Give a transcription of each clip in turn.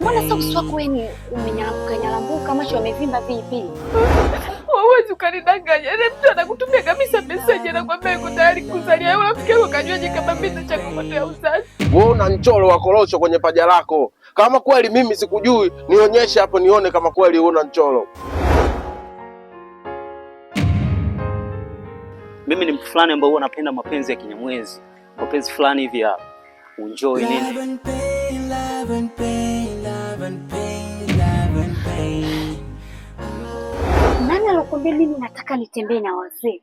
Mbona sasa uso wako wewe umenyalambuka, macho yamevimba vipi? Hawezi ukanidanganya. Ile yaani mtu anakutumia kabisa message anakuambia yuko tayari kuzalia. Wewe unafikia huko kanywaje kama mimi changamoto ya uzazi? Wewe una mchoro wa korosho kwenye paja lako. Kama kweli mimi sikujui, nionyeshe hapo nione kama kweli una mchoro. Mimi ni mtu fulani ambaye huwa napenda mapenzi ya kinyamwezi mapenzi fulani hivi hapa, unjoi nini nani alokuambia mimi nataka nitembee na wazee?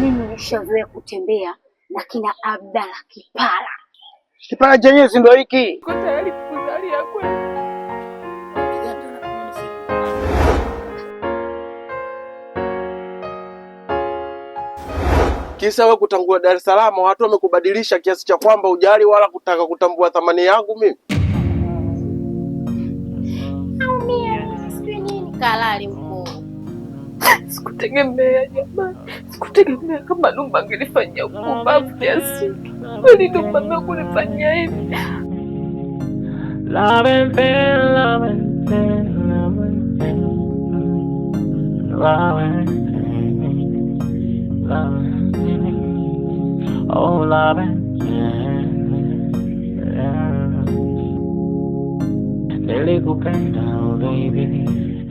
Mimi nishazoea kutembea na kina Abdala kipara Kipala chenyewe si ndio hiki? Kisa wewe kutangua Dar es Salaam, watu wamekubadilisha kiasi cha kwamba ujali wala kutaka kutambua thamani yangu mimi. Kalali mkuu, sikutegemea jamani, sikutegemea kama angenifanyia upumbavu kiasi. Kweli hivi. Oh, love and They look up and baby.